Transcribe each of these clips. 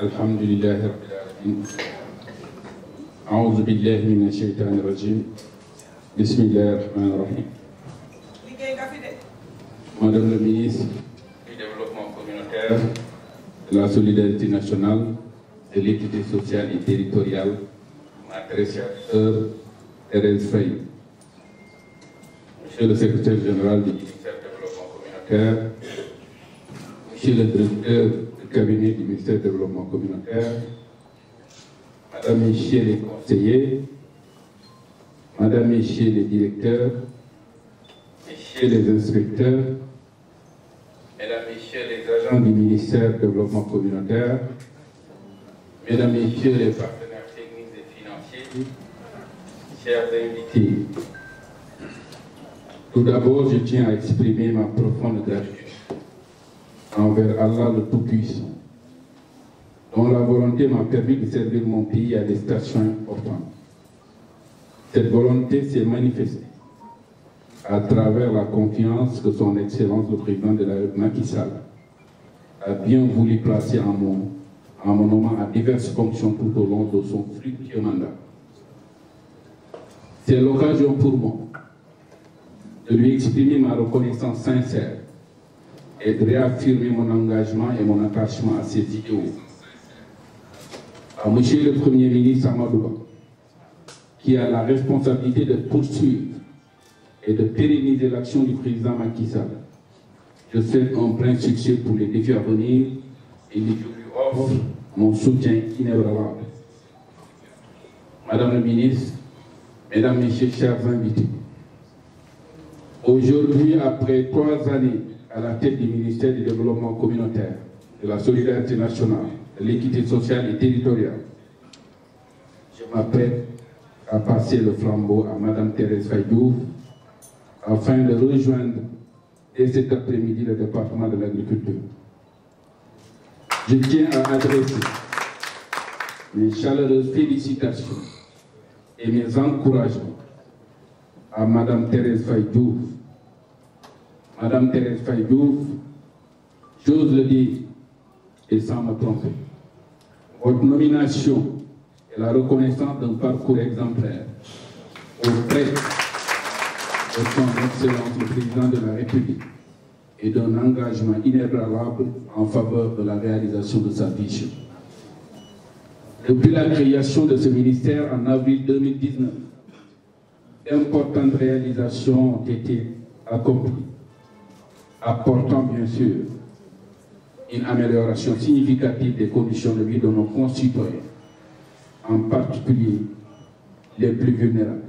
الحمد لله رب العالمين أعوذ بالله من الشيطان الرجيم بسم الله الرحمن الرحيم Madame la ministre du Développement communautaire, de la solidarité nationale, de l'équité sociale et territoriale, ma très chère sœur Thérèse Faye. Monsieur le secrétaire général du ministère du Développement communautaire, Monsieur le directeur cabinet du ministère du Développement communautaire, Madame, Messieurs les conseillers, Madame, Messieurs les directeurs, Messieurs les inspecteurs, Mesdames, Messieurs les agents du ministère du Développement communautaire, Mesdames, Messieurs les partenaires techniques et financiers, tout d'abord, je tiens à exprimer ma profonde envers Allah le Tout-Puissant, dont la volonté m'a permis de servir mon pays à des tâches importantes. Cette volonté s'est manifestée à travers la confiance que son Excellence le Président de la Macky Sall a bien voulu placer en mon, en à diverses fonctions tout au long de son fructueux mandat. C'est l'occasion pour moi de lui exprimer ma reconnaissance sincère et de réaffirmer mon engagement et mon attachement à ces idéaux. Monsieur le Premier ministre Amadouba, qui a la responsabilité de poursuivre et de pérenniser l'action du président Macky Sall, je souhaite un plein succès pour les défis à venir et je lui offre mon soutien inébranlable. Madame la ministre, Mesdames, Messieurs, chers invités, aujourd'hui, après trois années à la tête du ministère du Développement communautaire, de la solidarité nationale, de l'équité sociale et territoriale. Je m'appelle à passer le flambeau à Madame Thérèse Fayouf afin de rejoindre dès cet après-midi le département de l'agriculture. Je tiens à adresser mes chaleureuses félicitations et mes encouragements à Madame Thérèse Fayouf Madame Thérèse Faye j'ose le et sans me tromper, votre nomination est la reconnaissance d'un parcours exemplaire auprès de son Excellence de la République et d'un engagement inébranlable en faveur de la réalisation de sa vision. Depuis la de ce ministère en avril d'importantes réalisations ont été accomplies apportant bien sûr une amélioration significative des conditions de vie de nos concitoyens, en particulier les plus vulnérables.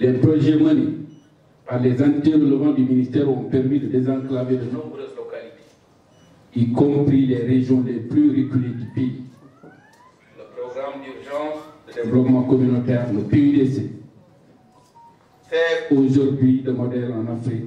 Les projets menés par les entiers relevant du ministère ont permis de désenclaver de nombreuses localités, y compris les régions les plus reculées du pays. Le programme d'urgence de développement communautaire, le PUDC, fait aujourd'hui de modèle en Afrique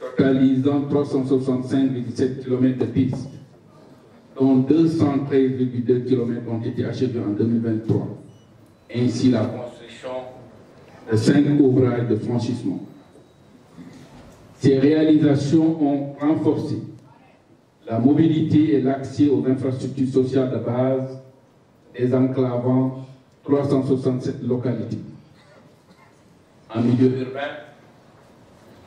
totalisant 365,7 km de pistes, dont 213,2 km ont été achevés en 2023. Ainsi, la construction de cinq ouvrages de franchissement. Ces réalisations ont renforcé la mobilité et l'accès aux infrastructures sociales de base, désenclavant 367 localités. En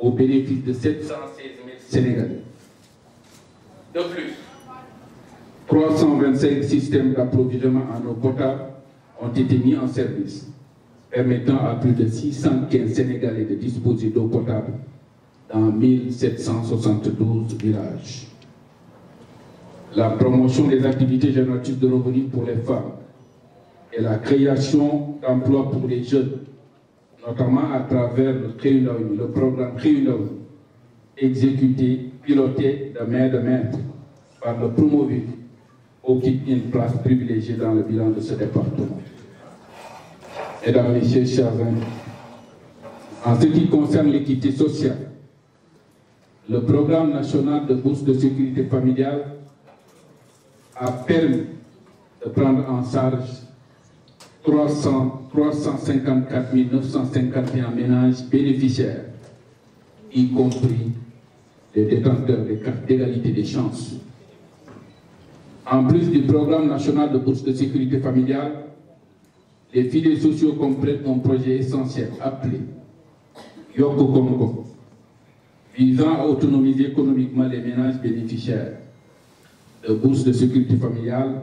au bénéfice de 716 000 Sénégalais. De plus, 325 systèmes d'approvisionnement en eau potable ont été mis en service, permettant à plus de 615 Sénégalais de disposer d'eau potable dans La promotion des activités génératives de revenus pour notamment à travers le Xëyu le programme Xëyu Ndaw ñi exécuté piloté de main de maître par le Promovilles occupe une place privilégiée dans le bilan de ce département. Mesdames, Messieurs, chers amis, en ce qui concerne l'équité sociale, le programme national de bourse de sécurité familiale a permis de prendre en charge 300, 354 951 ménages bénéficiaires, y compris les détenteurs des cartes d'égalité des chances. En plus du programme national de bourse de sécurité familiale, les filets sociaux complètent un projet essentiel appelé Yoko Kongo, visant à autonomiser économiquement les ménages bénéficiaires de bourse de sécurité familiale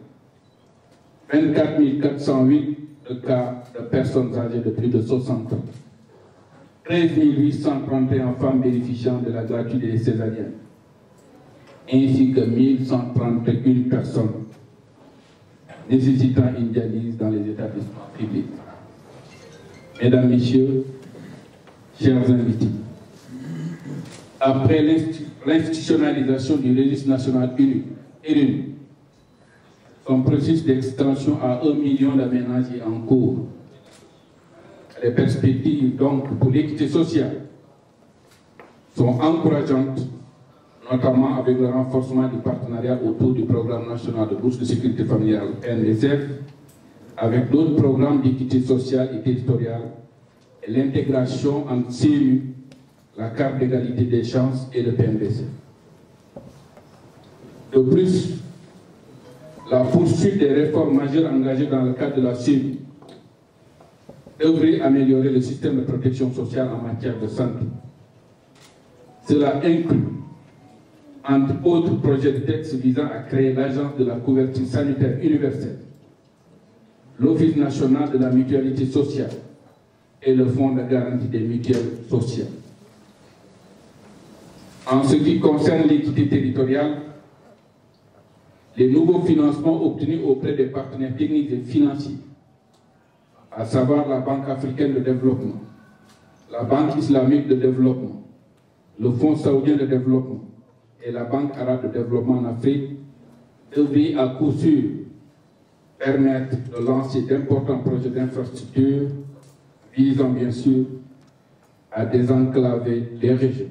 24 408 de cas de personnes âgées de plus de 60 ans, 13 831 femmes bénéficiant de la gratuité des ainsi que nécessitant une dialyse dans les établissements publics. Mesdames, Messieurs, chers invités, après l'institutionnalisation du registre national unique, Son processus d'extension à 1 million de ménages est en cours. Les perspectives donc pour l'équité sociale sont encourageantes, notamment avec le renforcement du partenariat autour du programme national de bourse de sécurité familiale NSF, avec d'autres programmes d'équité sociale et territoriale, et l'intégration en CEU, la carte d'égalité des chances et le PMBC. De plus, la poursuite des réformes majeures engagées dans le cadre de la CIV, œuvrer à améliorer le système de protection sociale en matière de santé. Cela inclut, entre autres projets de texte visant à créer l'Agence de la couverture sanitaire universelle, l'Office national de la mutualité sociale et le Fonds de garantie des mutuelles sociales. En ce qui concerne l'équité territoriale, les nouveaux financements obtenus auprès des partenaires techniques et financiers, à savoir la Banque africaine de développement, la Banque islamique de développement, le Fonds saoudien de développement et la Banque arabe de développement en Afrique, devraient à coup sûr permettre de lancer d'importants projets d'infrastructure visant bien sûr à désenclaver les régions,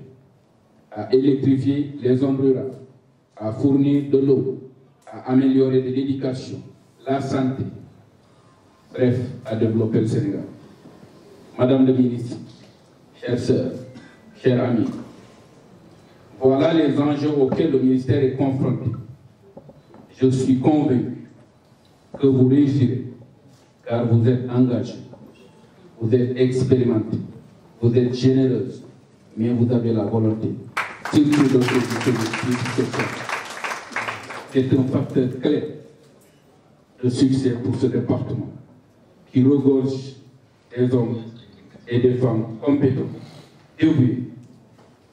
à électrifier les zones rurales, à fournir de l'eau, à améliorer de l'éducation, la santé, bref, à développer le Sénégal. Madame la ministre, chères sœurs, chers amis, voilà les enjeux auxquels le ministère est confronté. Je suis convaincu que vous réussirez, car vous êtes engagé, vous êtes expérimenté, vous êtes généreuse, mais vous avez la volonté. Surtout dans ce qui est de succès pour ce département, qui regorge des hommes et des femmes compétents, dévoués,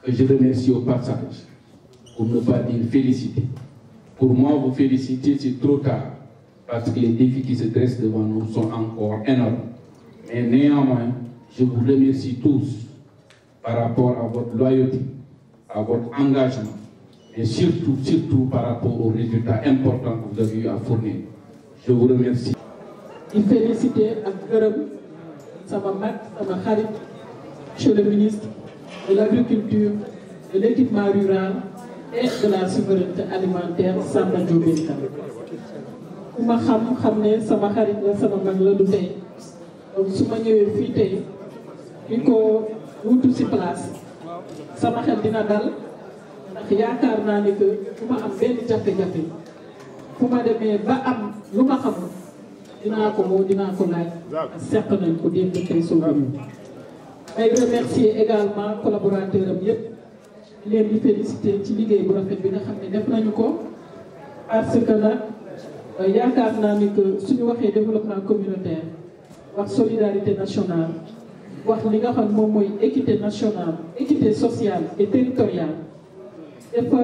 que je remercie au passage, pour ne pas dire féliciter. Pour moi, vous féliciter, c'est trop tard, parce que les défis qui se dressent devant nous sont encore énormes. Mais néanmoins, je vous remercie tous par rapport à votre loyauté, à votre engagement, et surtout, surtout par rapport aux résultats importants que vous avez ak gërëm sama mag sama xarit monsieur le ministre de l'agriculture l'équipement rural et de la alimentaire Samba Diop Binta ku ma xam xam ne sama xarit la sama mag la du tey su ma ñëwee fii tey ñu ko wutu ci place sama xel dina dal te yaakaar naa ne que bu ma am benn jafe-jafe fu ma demee ba am lu ma xamul dinaa ko moo dinaa ko laaj seq nañ ko démb tey soobu may remercier également collaborateur am yëpp leen di féliciter ci liggéey bu rafet bi nga xam ne def nañu ko parce que nag euh, yaakaar naa ne que suñu waxee développement communautaire wax solidarité nationale wax li nga xam moom mooy équité nationale équité sociale et territoriale dafa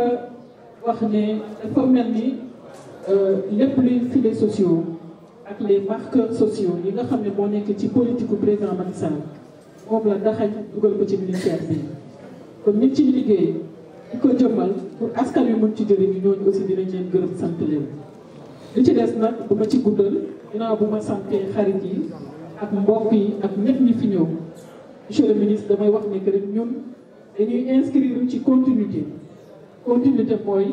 wax ne dafa mel ni euh, lépp luy file sociaux ak les marqueurs sociaux yi nga xam ne moo nekk ci politique gu président Macky Sall moom la daxañ dugal ko ci ministère bi kon ñi ci liggéey di ko jëmmal pour askan wi mën ci jëriñu ñooñu aussi dinañ leen gërëm sant leen li ci des nag bu ma ci guddal ginnaaw bu ma santee xarit yi ak mbokk yi ak ñëpp ñi fi ñëw monsieur le ministre damay wax ne que rek ñun dañuy inscrire ci continuité continuité mooy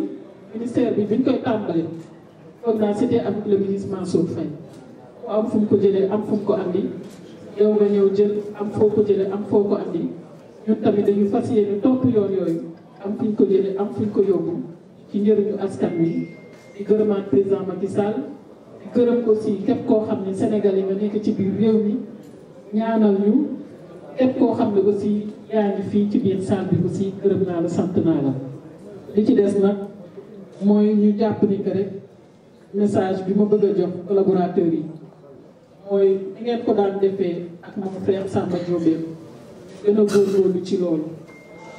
ministère bi bi ñu koy tàmbali foog naa c'était am fu mu ko jëlee am fu ko andi yow nga am foo ko jëlee am foo ko andi ñun fas dañu fas yéene topp yoon yooyu am fu ko jëlee am fu ko yóbbu ci njëriñu askan wi di gërëmaat président Macky Sall di gërëm aussi képp koo xam ne Sénégal yi nga nekk ci biir réew mi ñaanal ñu képp koo xam ne aussi yaa ngi fii ci biir salle bi aussi gërëm naa la sant naa la. li ci des nag mooy ñu jàpp ni que message bi ma bëgg a jox collaborateurs yi mooy ni ngeen ko daan defee ak mon frère Samba Diobé gën a ci loolu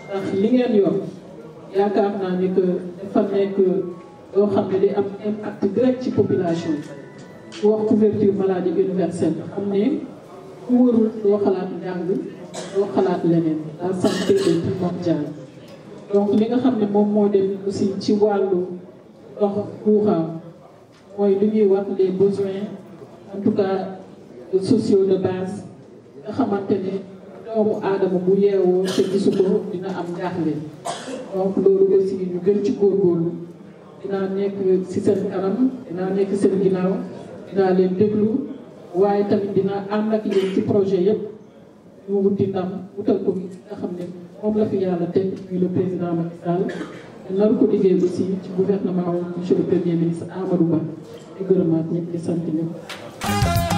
ndax li ngeen yoon yaakaar naa ni que dafa nekk loo xam ne day am impact direct ci population bi wax couverture maladie universelle xam ne ku wërul doo xalaat njàng doo xalaat leneen la santé de tout mondial donc li nga xam ne moom moo dem aussi ci wàllu ndox buuxaaw mooy li ñuy wax les besoins en tout cas sociaux de base nga xamante ne doomu aadama bu yeewoo te gisu ko dina am jaaxle donc loolu aussi ñu gën ci góorgóorlu dinaa nekk ci seen kanam dinaa nekk seen ginnaaw dinaa leen déglu waaye tamit dinaa ànd ak yéen ci projet yëpp mu wuti ndam wutal ko ki moom la fi yàlla teg muy le président Macky Sall naru ko liggéey aussi ci gouvernement monsieur le premier ministre Amadou Ba di gërëmaat ñëpp di sant